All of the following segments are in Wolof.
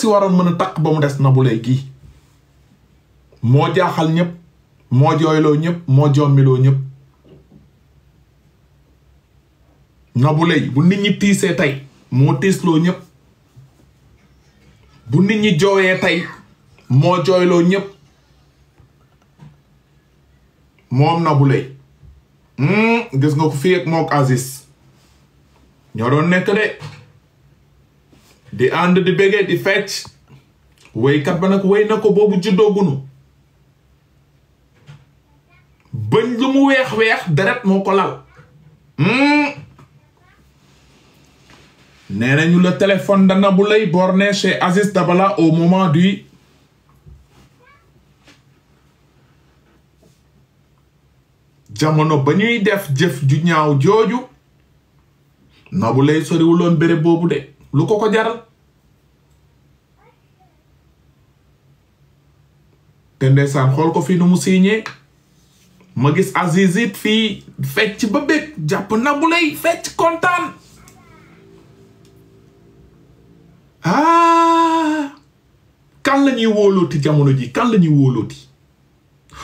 si waroon mën a takk ba mu des na bu lay gii moo jaaxal ñépp moo jooyloo ñëpp moo jommiloo ñëpp na bu lay bu nit ñi tiisee tey moo tiisloo ñëpp bu nit ñi jooyee tey moo jooyloo ñëpp moom na bu lay hmm, gis nga ko fii ak mook Aziz ñoo doon nekk de di ànd di bége di fecc wéykat ba nag wéy na ko boobu juddoogunu bëñ lu mu weex-weex deret moo ko lal hmm. nee nañu la téléphone de Nabou Leye borné chez Aziz Dabala au moment du jamono ba ñuy def jëf ju ñaaw jooju Nabou Leye soriwuloon béréb boobu de lu ko ko jaral te ndeysaan xool ko fii nu mu signé ma gis Aziz it fii fecc ba bëgg jàpp Nabou Leye fecc kontaan ah kan la ñuy wóolooti jamono ji kan lañuy ñuy wóolooti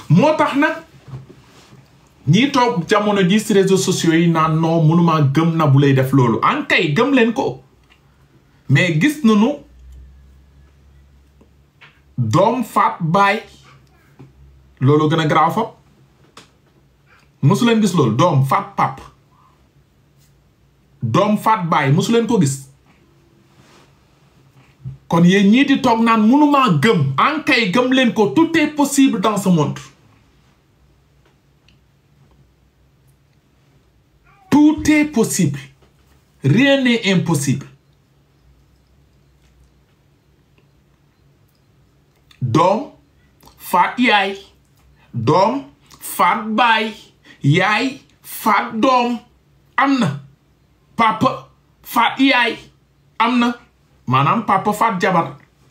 moo tax nag ñii toog jamono ji si réseaux sociaux yi naan non mënumaa gëm Nabou Leye def loolu an kay gëm leen ko mais gis nu doom faat baay loolu gën a garaaw fop mosu leen gis loolu doom faat pap doom faat baay mosu leen ko gis kon yéen ñii di toog naan mënumaa gëm ankay gëm leen ko tout est possible dans ce monde tout est possible rien impossible doom faat yaay doom faat baay yaay faat doom am na papa faat yaay am na maanaam papa faat jabar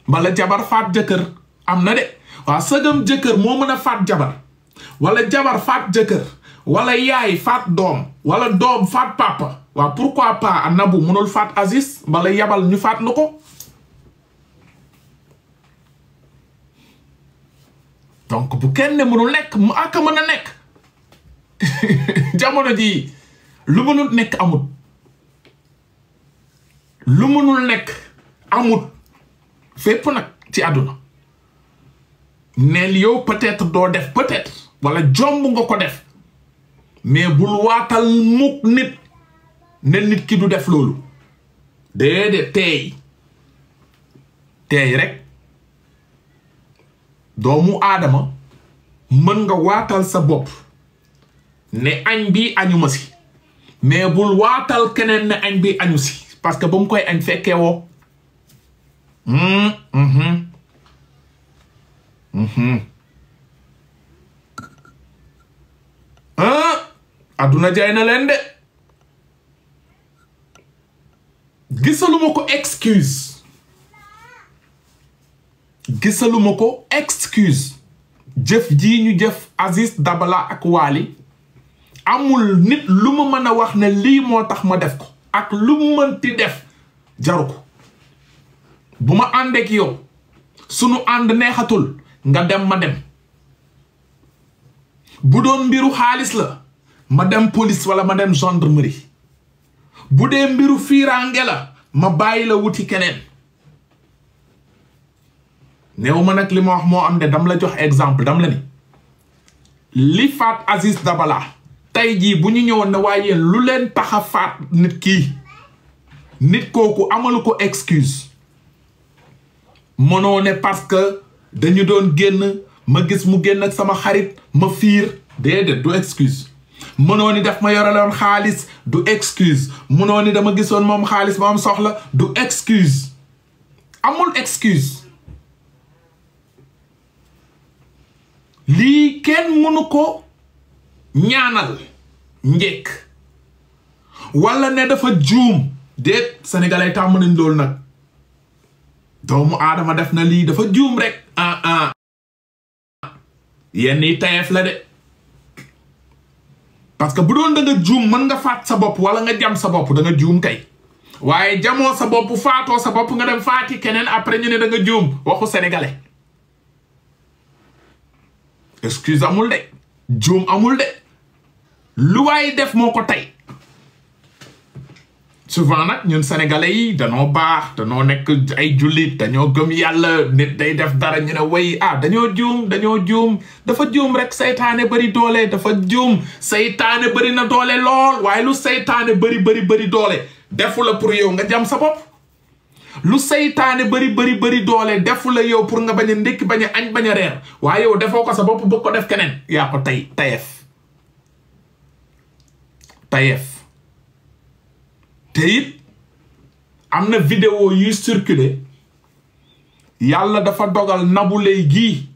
wala jabar faat jëkkër am na de waa sëgam jëkkër moo mën a faat jabar wala jabar faat jëkkër wala yaay faat doom wala doom faat papa waa ko pourquoi pas Nabou mënul faat Aziz wala yabal ñu faat lu ko donc bu kenn mënul nekk mu ak mën a nekk jamono ji lu mënul nekk amut lu mënul nekk amut fépp nag ci àdduna neel yow peut-être doo def peut-être wala jomb nga ko def mais bul waatal mukk nit ne nit ki du def loolu déedéet teey teey rek doomu aadama mën nga waatal sa bopp ne añ bi añuma si mais bul waatal keneen ne añ bi añu si parce que ba mu koy añ fekkee woo hmm, hmm, hmm. Ah, adduna jaay na leen de gisaluma ko excuse gisaluma ko excuse jëf ji ñu jëf Aziz Dabala ak waali amul nit lu ma mën a wax ne lii moo tax ma def ko ak lu mu mënti def jaru ko bu ma ànd ak yow sunu ànd neexatul nga dem ma dem bu doon mbiru xaalis la ma dem polis wala ma dem gendarmerie bu dee mbiru fiiraange la ma bàyyi la wuti keneen néew ma nag li ma wax moo am de dam la jox exemple dam la ni li faat Aziz Dabala tey jii bu ñu ñëwoon na waaye lu leen tax a faat nit kii nit kooku amalu ko excuse mënoo ne parce que dañu doon génn ma gis mu génn ak sama xarit ma fiir déedéet du excuse mënoo daf ma yoreloon xaalis du excuse mënoo ni dama gisoon moom xaalis moom soxla du excuse amul excuse lii kenn mënu ko ñaanal njekk wala ne dafa juum déet sénégalais tàmm nañ loolu nag doomu aadama def na lii dafa juum rek ah ah yenn yi tayeef la de parce que bu doon da nga juum mën nga faat sa bopp wala nga jam sa bopp da nga juum kay waaye jamoo sa bopp faatoo sa bopp nga dem faati keneen après ñu ne da nga juum waxu sénégalais excuse amul de juum amul de lu waay def moo ko tey souvent nag ñun sénégalais yi dañoo baax dañoo nekk ay jullit dañoo gëm yàlla nit day def dara ñu way ah dañoo juum dañoo juum dafa juum rek seytaane bari doole dafa juum seytaane bari na doole lool waaye lu seytaane bëri bëri bëri doole defu la pour yow nga jam sa bopp lu seytaane bëri bari bari doole defu la yow pour nga bañ a ndékki bañ a añ bañ a reer waaye yow defoo ko sa bopp boo ko def keneen yaa ko tay tayef tayef te am na vidéo yuy circuler yàlla dafa dogal Nabou Leye gii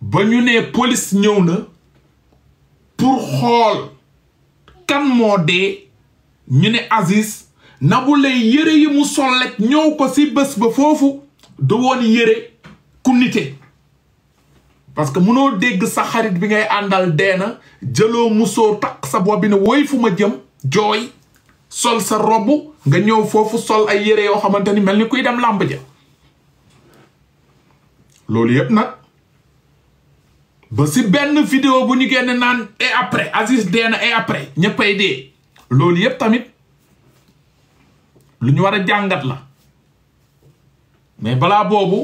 ba ñu nee polis ñëw na pour xool kan moo dee ñu ne Aziz Nabou Leye yére yi mu sollet ñëw ko si bés ba foofu du woon yére ku nite parce que munoo dégg sa xarit bi ngay àndal na jëloo mu soo takk sa bopp bi ne woy fu ma jëm jooy sol sa robb nga ñëw foofu sol ay yére yoo xamante ni mel ni kuy dem làmb ja loolu yëpp ba si benn vidéo bu ñu génn naan et après Aziz deena et après ñëppay dee loolu yëpp tamit lu ñu war a jàngat la mais balaa boobu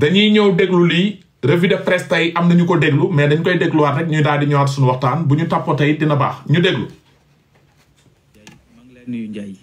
dañuy ñëw déglu lii revue de presse tey am na ñu ko déglu mais dañ koy dégluwaat rek ñuy daal di ñëwaat suñu waxtaan bu ñu tappoo tey dina baax ñu déglu. nuyu Ndiaye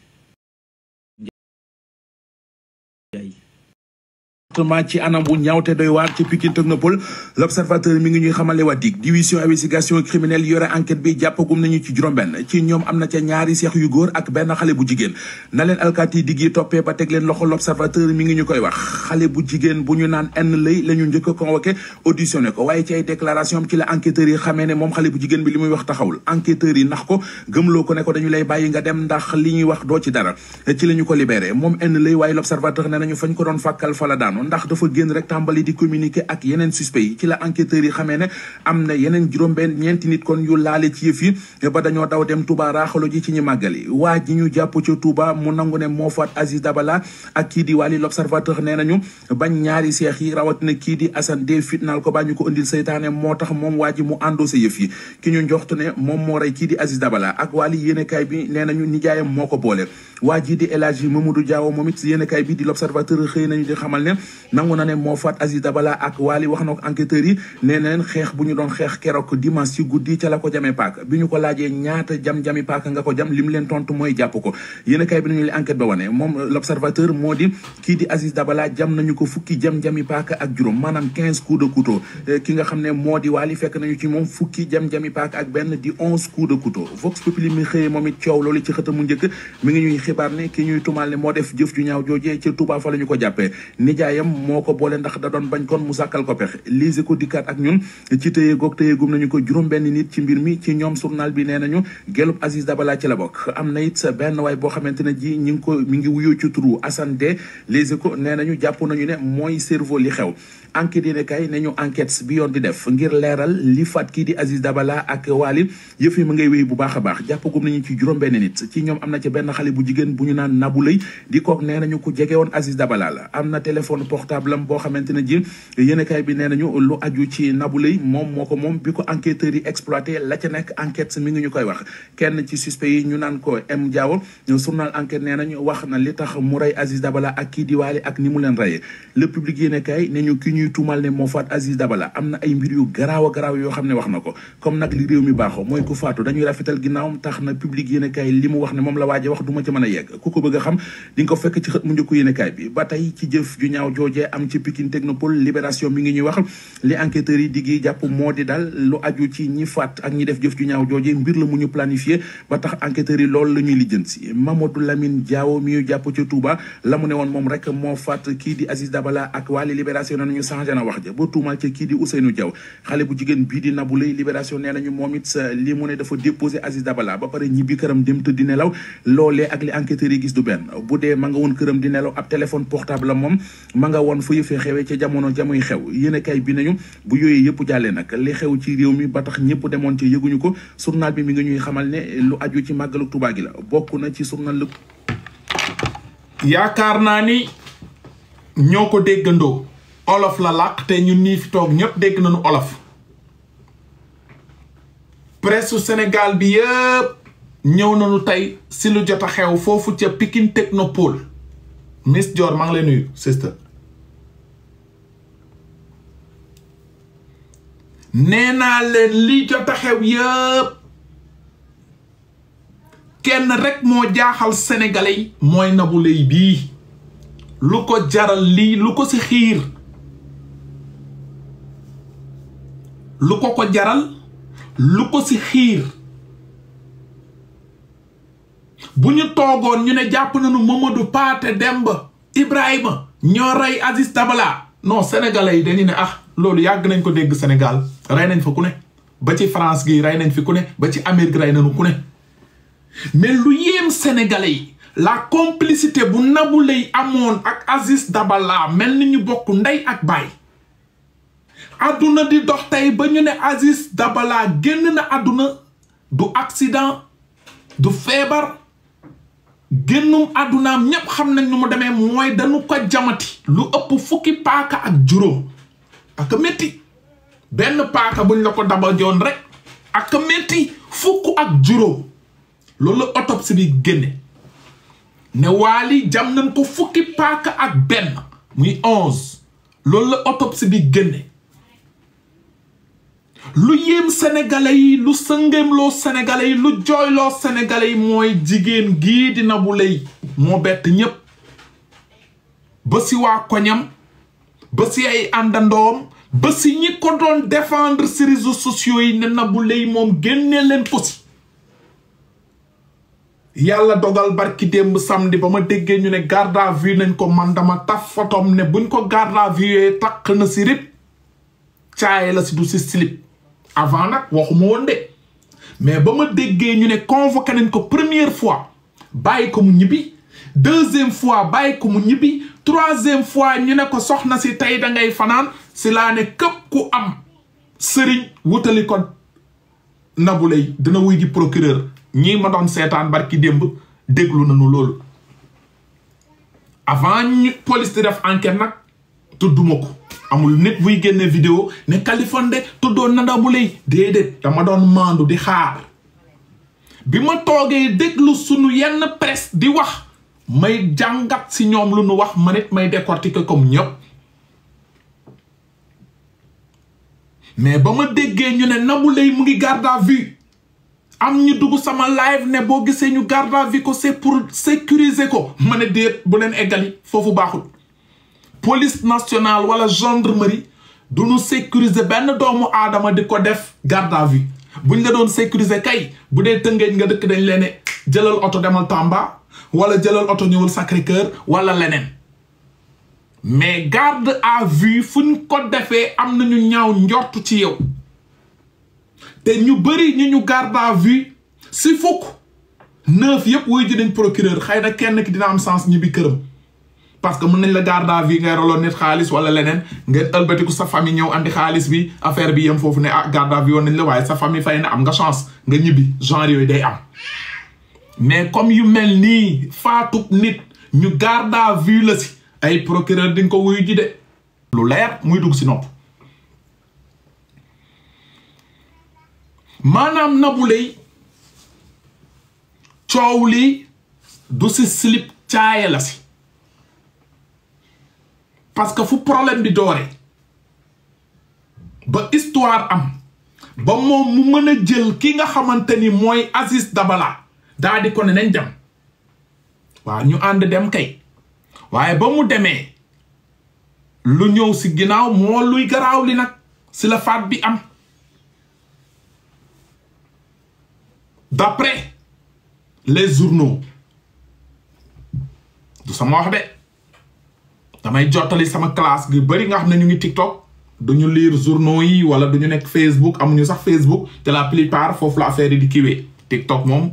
ci anam wu ñaaw te doy waar ci Pikine Technopole l'observateur mi ngi ñuy xamale waa DIC division investigation criminelle yore enquête bi jàppagum nañu ci juróom-benn ci ñoom am na ca ñaari seex yu góor ak benn xale bu jigéen na leen alkaati DIC yi toppee ba teg leen loxo l'observateur mi ngi ñu koy wax xale bu jigéen bu ñu naan enn lay la ñu njëkk a convoqué auditionné ko waaye ci ay déclaration am ci la enquêteurs yi xamee ne moom xale bu jigéen bi li muy wax taxawul enquêteurs yi ko gëmloo ko ne ko dañu lay bàyyi nga dem ndax li ñuy wax doo ci dara ci la ñu ko libéré moom enn lay waaye l'observateur ne nañu fañ ko doon fàkkal fa la yoon ndax dafa génn rek tàmbali di communiqué ak yeneen suspect yi ci la enquêteurs yi xamee ne am na yeneen juróom-benn ñeenti nit kon yu laale ci yëf yi ba dañoo daw dem Touba raaxalo ji ci ñi màggali waa ji ñu jàpp ca Touba mu nangu ne moo faat Aziz Dabala ak kii di Wally l'Observateur nee nañu bañ ñaari seex yi rawatina kii di Assane de fitnaal ko baa ko indil seytaane moo tax moom waa ji mu àndoo sa yëf ki ñu njoxtu ne moom moo rey kii di Aziz ak Wally yéenekaay bi nee nañu nijaayam moo ko boole waa jii di El Hadji Mamadou Diaw moom it si yéen kay bi di l'observateur xëy nañu di xamal ne nangu na ne moo faat Aziz Dabala ak Wali wax na ko enquêteurs yi nee leen xeex bu ñu doon xeex keroog dimanche ci guddi ca la ko jamee paak bi ñu ko laajee ñaata jam-jami paak nga ko jam lim leen tontu mooy jàpp ko yéen kay bi nañu li enquête ba wane moom l'observateur moo di kii di Aziz Dabala jam nañu ko fukki jam-jami paak ak juróom maanaam quinze coups de couteau eh, ki nga xam ne moo di Wali fekk nañu ci moom fukki jam-jami paak ak benn di onze coups de couteau vox populi mi xëyee moom it coow loolu ci xëtamu njëkk mi ngi ñuy xibaar ne ki ñuy tumaal ne moo def jëf ju ñaaw joojee ca Touba fa la ñu ko jàppee nijaayam moo ko boole ndax da doon bañ kon mu sàkkal ko pexe lise ko dikkaat ak ñun ci tëye goog tëye gum nañu ko juróom benn nit ci mbir mi ci ñoom journal bi nee nañu gelub Aziz Dabala ci la bokk am na it sa benn waay boo xamante ne ji ñi ngi ko mi ngi wuyoo ci turu Assane D lise ko nee nañu jàpp nañu ne mooy cerveau li xew enquête yi ne kay ne ñu enquête bi yoon di def ngir leeral li faat kii di Aziz Dabala ak Walid yëf yi mu ngay wéy bu baax a baax jàppagum nañu ci juróom-benn nit ci ñoom am na ci benn xale bu jigéen bu ñu naan Nabou Leye di kook nee nañu ko jege woon Aziz Dabala la am na téléphone portable boo xamante ne ji yéenekaay bi nee nañu lu aju ci nabu Leye moom moo ko moom bi ko enquêteurs yi exploité la ca nekk enquête mi ngi ñu koy wax kenn ci suspect yi ñu naan ko M Diawo journal enquête nee nañu wax na li tax mu rey Aziz ak kii di ak ni mu leen reyee ñu ki ñuy tuumal ne a mu la waaje wax du ma ci mën a yegg ku ko a xam di nga ko fekk ci xët mu njëkku yéen ngi ñuy wax li enquêteurs yi diggi jàpp moo di daal lu aju ci ñi faat ak ñi def jëf ju ñaaw joojee mbir la mu ñu planifié ba tax enquêteurs yi loolu la ñuy lijjanti Mamadou Lamine Diawo mi ñu jàpp ca Touba la mu ne woon moom rek moo faat kii di Aziz Dabala ak wàlli libération nañu changé na wax ja ba tuumal ca kii di seenu Diaw xale bu jigéen bii di nabu Leye libération nee nañu moom it sa li mu ne dafa déposé Aziz Dabala ba pare ñibbi këram dem tëdd di nelaw loolee ak li enquêteurs yi gis du benn bu dee ma nga woon këram di nelaw ab téléphone portable la moom ma nga woon fu yëfee xewee ca jamono jamuy xew yéen kay bi nañu bu yooyee yëpp jàllee nag li xew ci réew mi ba tax ñëpp demoon ca yëguñu ko journal bi mi nga ñuy xamal ne lu aju ci màggalu Tuubaa gi la bokk na ci journal yaakaar naa ni ko déggandoo olof la làkk te ñun nii fi toog ñëpp dégg nañu olof presse su bi yëpp ñëw nañu tey si lu jot a xew foofu ca Pikine Technopole Miss Dior maa ngi lay nuyu sister nee naa leen li jot a xew yëpp kenn rekk moo jaaxal sénégalais yi mooy Nabou Leye bii lu ko jaral lii lu ko si xiir lu ko ko jaral lu ko si xiir bu ñu toogoon ñu ne jàpp nañu Mamadou Paate Demba Ibrahima ñoo rey Aziz Dabala non sénégalais yi dañu ne ah loolu yàgg nañ ko dégg Sénégal rey nañ fa ku ne ba ci France gi rey nañ fi ku ne ba ci Amérique rey nañu ku ne mais lu yéem sénégalais yi la complicité bu nabu Leye amoon ak Aziz Dabala mel na ñu bokk ndey ak baay àdduna di dox tey ba ñu ne Aziz Dabala génn na àdduna du accident du feebar génnum àddunaam ñépp xam nañ nu mu demee mooy dañu ko jamati lu ëpp fukki paaka ak juróom ak métti benn paaka buñ la ko daba joon rek ak fukk ak juróom loolu autopsie bi génne ne waali jam nañ ko fukki paaka ak benn muy onze loolu la autopsie bi génne lu yéem sénégalais yi lu sëngéemloo sénégalais yi lu jooyloo sénégalais yi mooy jigéen gii di Nabou Leye moo bett ñépp ba si waa koñam ba ci ay àndandoom ba si ñi ko doon défendre si réseaux sociaux yi ne Nabou Leye moom génnee leen ko yàlla dogal barki démb samedi ba ma déggee ñu ne garde nañ ko man dama taf fotom ne buñ ko garde à takk na si rip caaye la si du si slip avant nag waxuma woon de mais ba ma déggee ñu ne convoqué nañ ko première fois bàyyi ko mu ñibbi deuxième fois bàyyi ko mu ñibbi troisième fois ñu ne ko soxna si tey da ngay fanaan si laa ne képp ku am sëriñ wutali ko Nabou Leye dina wuy ji procureur ñii ma doon seetaan barki démb déglu nañu loolu avant ñu police di def enquête nag tudduma ko amul nit buy génne vidéo ne Kaliphone de tuddoon na Nabou Leye déedéet dama doon maandu di xaar bi ma toogee déglu suñu yenn presse di wax may jàngat si ñoom lu nu wax ma nit may décortiquer comme ñëpp mais ba ma déggee ñu ne Nabou Leye mu ngi garde à vue am ñu dugg sama live ne boo gisee ñu garde à vue ko c'est pour sécuriser ko ma ne déet bu leen eggali foofu baaxul police nationale wala gendarmerie du ñu sécuriser benn doomu aadama di ko def garde à vue buñ la doon sécuriser kay bu dee tëngeej nga dëkk dañ leen jëlal oto demal Tamba wala jëlal oto ñëwul Sacré-Cœur wala leneen mais garde à vue fuñ ko defee am na ñu ñaaw njort ci yow te ñu bëri ñu ñu garde à vue si fukk neuf yëpp woy ji dañ procureur xëy na kenn ki dina am sens ñibbi këram. parce que mën nañ la garde à vue ngay roloon nit xaalis wala leneen nga ëlbatiku sa famille ñëw andi xaalis bi affaire bi yem foofu ne ah garde à vue woon nañ la waaye sa famille fay na am nga chance nga ñibbi genre yooyu day am mais comme yu mel nii faatu nit ñu garde à vue la si ay procureur dinga ko wuyu ji de lu leer muy dugg si nopp maanaam Nabou Leye coow lii du si slip caaye la si parce que fu problème bi doore ba histoire am ba moom mu mën a jël ki nga xamante ni mooy Aziz Dabala daa di ko ne nañ dem waaw ñu ànd dem kay waaye ba mu demee lu ñëw si ginnaaw moo luy garaaw li nag si la faat bi am d'après les journaux du sama wax de damay jottali sama classe gi bari nga xam ne ñu ngi TikTok duñu liir journaux yi wala duñu nekk Facebook amuñu sax Facebook te la plus plupart foofu la affaire yi di kiiwee TikTok moom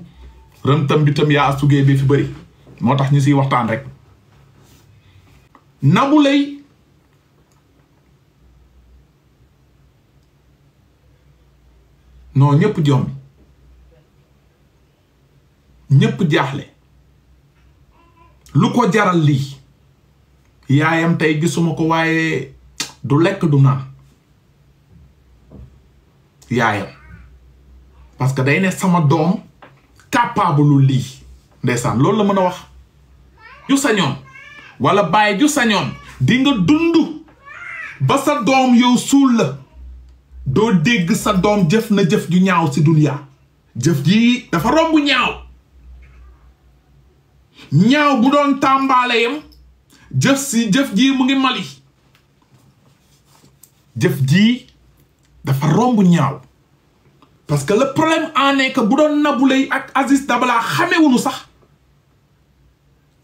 rëmtam bi tam yaa sugee bi fi bari moo tax ñu siy waxtaan rek Nabou Leye non ñëpp jommi ñëpp jaaxle lu ko jaral lii yaayam tey gisuma ko waaye du lekk du naan yaayam parce que day ne sama doom capable lii ndeysaan loolu la mën a wax ju sañoon walla bàyyi ju sañoon di nga dund ba sa doom yow suul la doo dégg sa doom jëf na jëf ju ñaaw ci duniyaa jëf ji dafa romb ñaaw ñaaw bu doon tàmbaale yam jëf si jëf jii mu ngi Mali jëf jii dafa romb ñaaw parce que le problème en bu doon Nabou Leye ak Aziz Dabala xamewuñu sax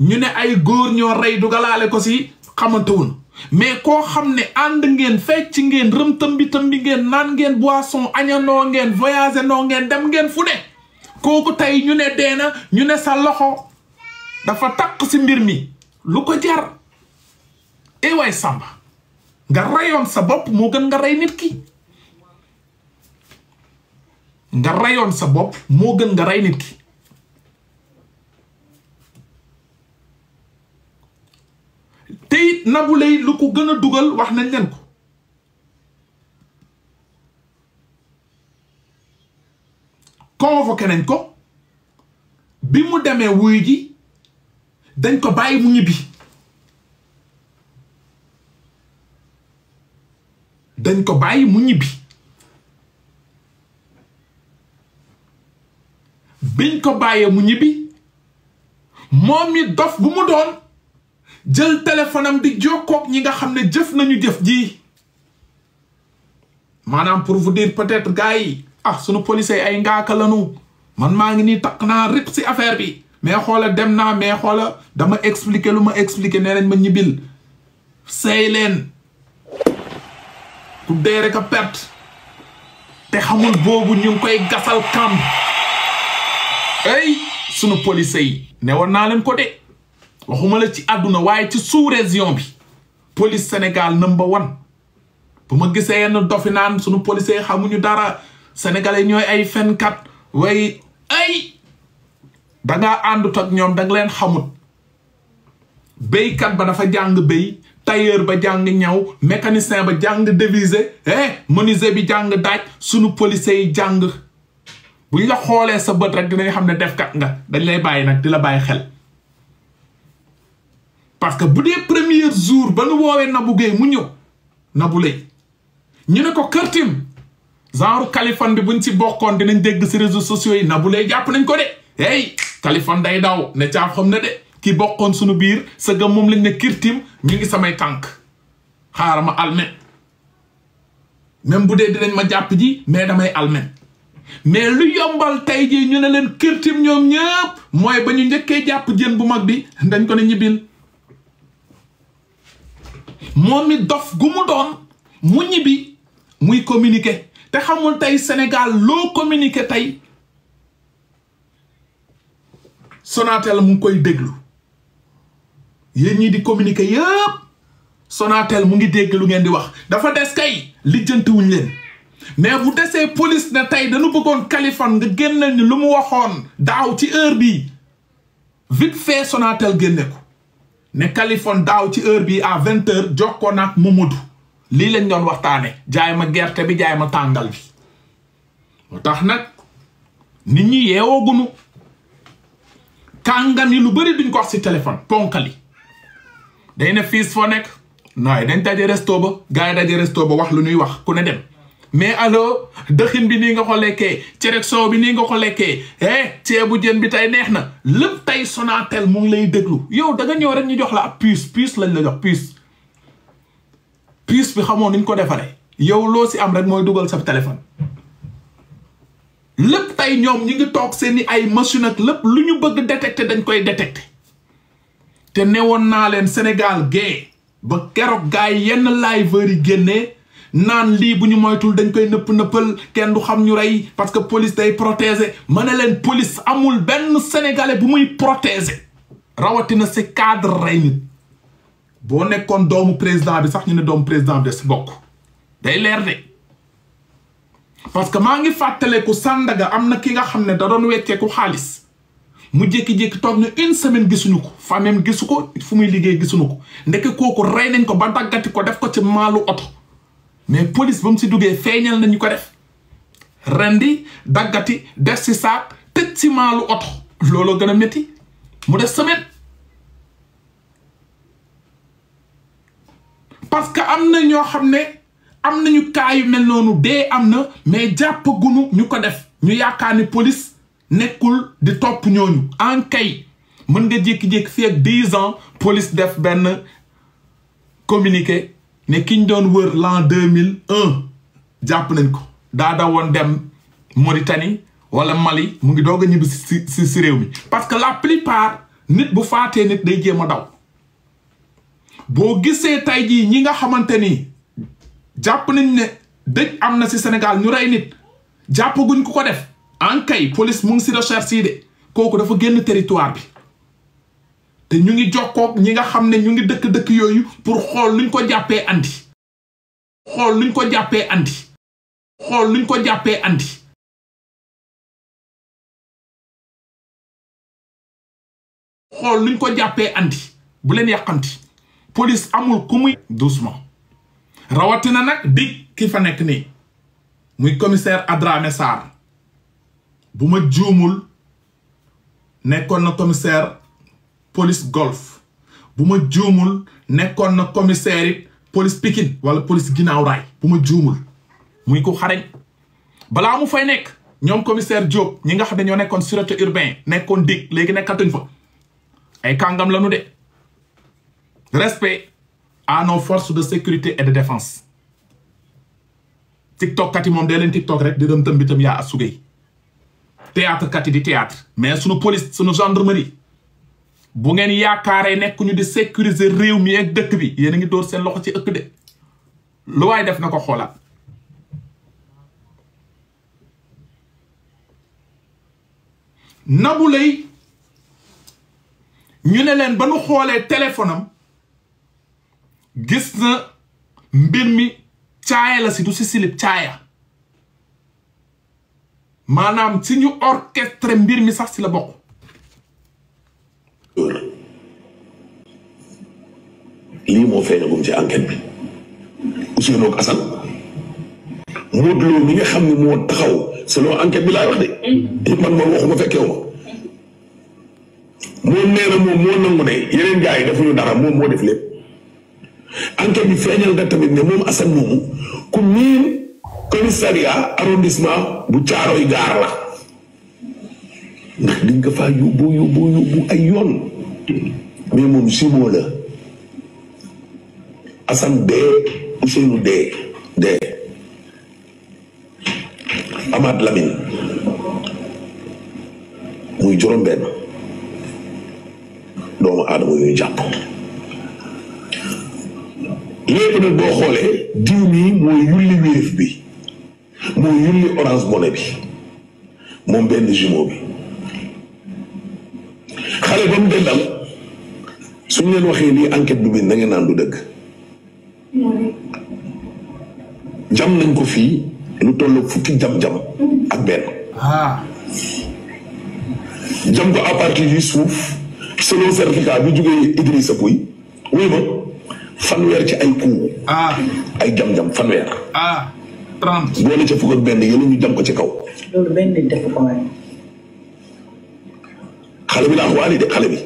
ñu ne ay góor ñoo rey dugalaale ko si xamantewuñu mais koo xam ne ànd ngeen fecc ngeen rëm tëmbi tëmbi ngeen naan ngeen boisson añanoo ngeen voyagé noo ngeen dem ngeen fu ne kooku tey ñu ne deena ñu ne sa loxo dafa takk si mbir mi lu ko jar eh waay Samba nga rayoon sa bopp moo gën nga rey nit ki nga rayoon sa bopp moo gën nga rey nit ki te it Nabou lu ko gën a dugal wax nañ leen ko convoqué nañ ko bi mu demee wuy ji dañ ko bàyyi mu ñibbi dañ ko bàyyi mu biñ ko bàyyee mu ñibbi moom mi dof bu mu doon jël téléphone di jokkoog ñi nga xam ne jëf nañu jëf ji maanaam pour vous dire peut-être gars yi ah sunu policiers ay ngaaka lanu man maa ngi nii takk naa rip ci affaire bi mais xoola dem naa mais xoola dama expliqué lu ma expliqué nee nañ ma ñibbil seey leen ku dee rek a perte te xamul boobu ñu ngi koy gasal kam ay sunu police yi ne war naa leen ko de waxuma la ci àdduna waaye ci sous région bi police senegal number one bu ma gisee yenn dofi naan sunu police yi xamuñu dara sénégalais ñooy ay fenkat way ay dangaa àndut ak ñoom danga leen xamut béykat ba dafa jàng béy tailleur ba jàng ñaw mécanicien ba jàng deviser eh menuisier bi jàng daaj suñu policier yi jàng bu ñu la xoolee sa bët rek dinañ xam ne defkat nga dañ lay bàyyi nag di la bàyyi xel parce que bu dee premier jour ba nu woowee Nabou Guèye mu ñëw Nabou Leye ñu ne ko kërtim genre Kaliphone bi buñ ci bokkoon dinañ dégg ci réseau sociaux yi Nabou Leye jàpp nañ ko de hey Kaliphone day daw ne caaf xam na de ki bokkoon suñu biir sa gëm moom lañ ne kirtim ñu ngi samay tànk xaaral ma almet même bu dee dinañ ma jàpp ji mais damay almet mais lu yombal tey jii ñu ne leen kirtim ñoom ñëpp mooy ba ñu njëkkee jàpp jën bu mag bi dañ ko ne ñibbil moom mi dof gu mu doon mu ñibbi muy communiquer te xamul tey senegal loo communiquer tey sonaatel mu ngi koy déglu yéen ñii di communiquer yëpp mu ngi dégg lu ngeen di wax dafa des kay lijjantiwuñ ne mais bu desee polis ne tey dañu bëggoon Kaliphone nga génneel ñu lu mu waxoon daaw ci heure bii vite fait Sonatel génne ko ne Kaliphone daaw ci heure bii à vingt heures jokkoo naag Momadou lii lañ doon waxtaane jaay ma gerte bi jaay ma tàngal bi moo tax nag nit ñi yeewoo gunu kàngan yi lu bëri duñ ko wax si téléphone ponkali day na fiis foo nekk naay dañ daje resto ba gars yi resto ba wax lu ñuy wax ku ne dem mais allo dëxin bi nii nga ko lekkee cere soow bi nii nga ko lekkee eh ceebu jën bi tey neex na lépp tey Sonatel moom ngi lay déglu yow da nga ñëw rek ñu jox la ab puce puce lañ la jox puce puce bi xamoo ni ko defaree yow loo si am rek mooy dugal sa téléphone lépp tey ñoom ñu ngi toog seen seeni ay machine ak lépp lu ñu bëgg détecté dañ koy détecté te woon naa leen Sénégal gee ba keroog gaay yi yenn liveur yi génnee naan lii bu ñu moytul dañ koy nëpp nëppal kenn du xam ñu rey parce que police day protéger ma ne leen police amul benn sénégalais bu muy protéger rawatina si cadre rey nit boo nekkoon doomu président bi sax ñu ne doomu président bi de si bokk day leer de parce que maa ngi fàttaleku Sandaga am na ki nga xam ne da doon wecceeku xaalis mu jékki-jékki toog na une semaine gisuñu ko famem gisu ko fu muy liggéey gisuñu ko ndeke kooku rey nañ ko ba daggati ko def ko ci maalu oto mais police ba mu si duggee feeñal nañu ko def rendi daggati def si saak tëj si maalu oto gën a métti mu def semaine parce que am na ñoo xam ne am nañu cas yu mel noonu dee am na mais jàppagunu ñu ko def ñu yaakaar ni police nekkul di topp ñooñu en mën nga jékki-jékki fii ak dix police def benn communiqué ne ki doon wër l'an deux mille un jàpp nañ ko daa da woon dem Mauritanie wala Mali mu ngi doog a ñibbi si si réew mi parce que la plupart nit bu faatee nit day jéem a daw boo gisee tay jii ñi nga xamante ni jàpp nañ ne dëj am na si Sénégal ñu rey nit jàppaguñ ku ko def en polis police mu ngi si recherche yi de kooku dafa génn territoire bi te ñu ngi jokkoog ñi nga xam ne ñu ngi dëkk-dëkk yooyu pour xool luñ ko jàppee andi xool luñ ko jàppee andi xool luñ ko jàppee andi xool luñ ko jàppee andi bu leen yàqanti polis amul ku muy rawatina nag bi ki fa nekk nii muy commissaire Adramé Sarr bu ma juumul nekkoon na commissaire police golf bu ma juumul nekkoon na commissaire it police Pikine wala police ginnaaw raay bu ma juumul muy ko xareñ balaa mu fay nekk ñoom commissaire Diop ñi nga xam ne ñoo nekkoon sûreté urbain nekkoon dig léegi nekkatuñ fa ay kàngam lañu de respect à nos forces de sécurité et de défense tiktok kat moom de leen tiktok rek di dem tam bitam yaa asugay théâtre kat yi di théâtre mais sunu police sunu gendarmerie bu ngeen yaakaaree nekk ñu di sécuriser réew mi ak dëkk bi yéen a ngi door seen loxo ci ëkk de lu waay def na ko xoolaat Nabou Leye ñu ne leen ba nu xoolee téléphone am gis na mbir mi caaya la si du si silib caaya maanaam si ñu orchestre mbir mi sax si la bokk lii moo feeñagum ci enquête bi Ousseynou ak Assane Modou Lo mi nga xam ne moo taxaw selon enquête bi laay wax de man man waxuma fekkeewu ma moom nee na moom moo nangu ne yeneen gars yi ñu dara moom moo def lépp enquête bi feeñal nga tamit ne moom Assane moomu ku miin commissariat arrondissement bu Caaroy Gaar la ndax di nga faa yóbbu yóbbu yóbbu ay yoon mais moom simoo la Assane dee Ousseynou dee dee Amath Lamine muy juróom benn doomu aadama yooyu jàpp léegi nag boo xoolee diw mii mooy yulli wéef bi mooy yulli orange money bi moom benn jumeau bi xale ba mu dendal suñ leen waxee nii enquête bi na ngeen naan du dëgg jam nañ ko fii lu toll fukki jam-jam ak benn ah. jam ko à partir du suuf selon certificat bi jógee sa Pouye wuy ma fanweer ci ay coup. ah ay jam-jam fanweer. ah trente. boo benn yéen ñu jam ko ci kaw. xale bi laax waali de xale bi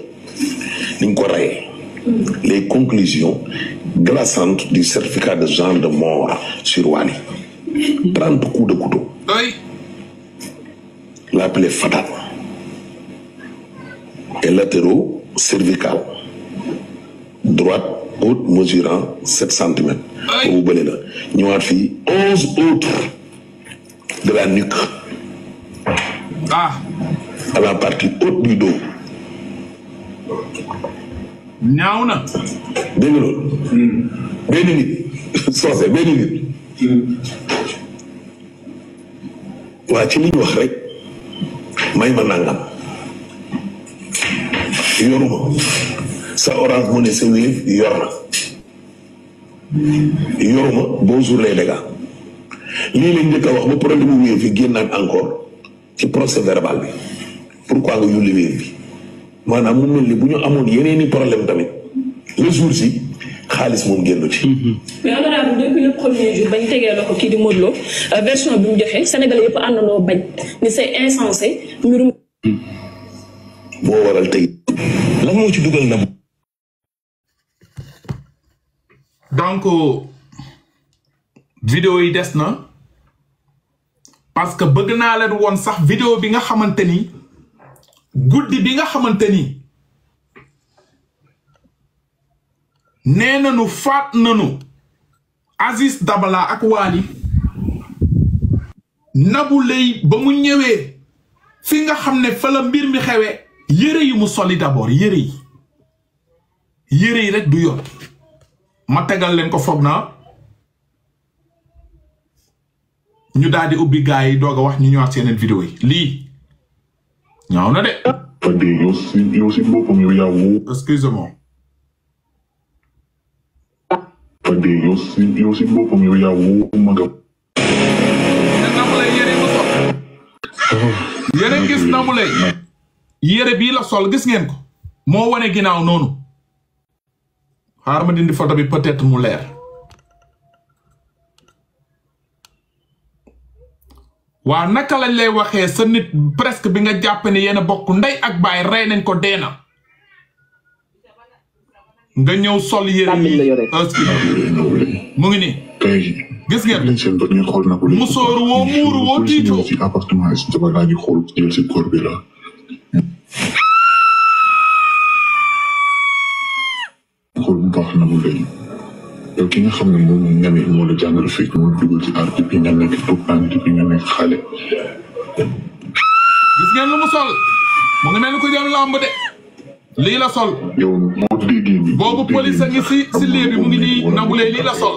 ni ko rayee. Hmm. les conclusions glaçantes du certificat de genre de mort sur Wally. trente coups de couteau. oui. l'appelé fatal. et latéro cervical. droite. haute mesurant centimètre centimètres boobu bële la ñëwaat fii onze autres de la nuque ah la partie haute du dos ñaaw na dégg nga loolu hmm. benn nit soose benn nit hmm. waa ci li wax rek may ma nangam yoruma sa orange mu ne sa wéef yor na yoruma bonjour les dégâts lii lañ njëkk a wax ba problème mu wéef yi génnaat encore ci procès verbal bi pourquoi nga yulli mu mel ni bu ñu amoon yeneen i problème tamit le jour si xaalis moom génn ci. Mhm. mais honorable depuis le premier jour bañ tegee loxo kii di Modou Lo euh, version bi mu joxe Sénégal yëpp moo waral tey. lan moo ci dugal na. donc euh, vidéo yi des na parce que bëgg naa leen woon sax vidéo bi nga xamante ni guddi bi nga xamante ni nee nañu faat nañu Aziz Dabala ak Wali Nabou Leye ba mu ñëwee fi nga xam ne fa mbir mi xewee yére yi mu soli d'abord yëre yi yére yi rek du yoon ma tegal leen ko foog naa ñu daal di ubbi gars yi doog a wax ñu ñëwaat seeneen vidéo yi lii ñaaw na de. yow si yére gis na lay yére bii la sol gis ngeen ko moo wane ginnaaw noonu. xaar ma dindi photo bi peut-être mu leer waa naka lañ lay waxee sa nit presque bi nga jàpp ne a bokk ndey ak baay rey nañ ko dee na nga ñëw sol yére yi euh, mu ngi nii gis ngeen seen bët ngeen xool na ko musóor woo muuru woo tiitoo yi si jabalaay ji xool jël si bi la baax na mu doy yow ki nga xam ne moom nga ne moo la jàngal fii moo dugal ci aar nga nekk tout temps bi nga nekk xale. gis ngeen lu mu sol mu ngi mel ni ku jëm de lii la sol. yow moo déggee boobu police a ngi si si mu ngi nii nangulee lii la sol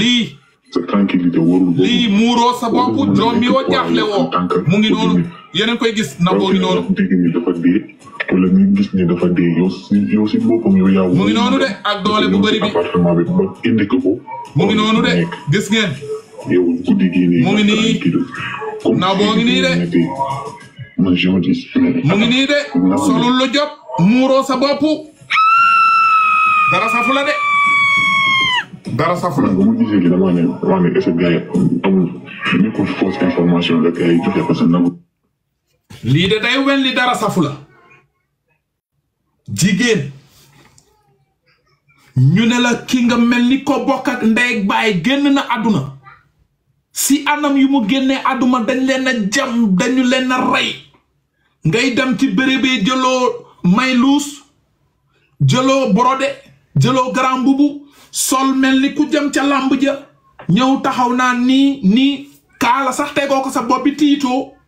lii. sa tranquillité warul lii muuroo sa bopp doom bi woo woo mu ngi noonu. yeneen koy gis nangoo ngi noonu. dégg ni dafa dee gis ni mu ngi noonu de ak doole bu bëri bi appartement bi ba indi ko ko. mu gis ngeen. mu ngi nii de. mu ngi nii de dara safu de. dara safu la mu gisee li damaa ne damaa ne est-ce que gars lii de day wen li dara safu la jigéen ñu ne la ki nga mel ni ko bokk ak ndey baay génn na àdduna si anam yu mu génnee àdduna dañ leen a jam dañu leen a rey ngay dem ci bérébee jëloo may luus jëloo borode jëloo grand bubu sol mel ni ku jëm ca làmb ja ñëw taxaw naa nii nii kaala sax tegoo ko sa bopp bi tiitoo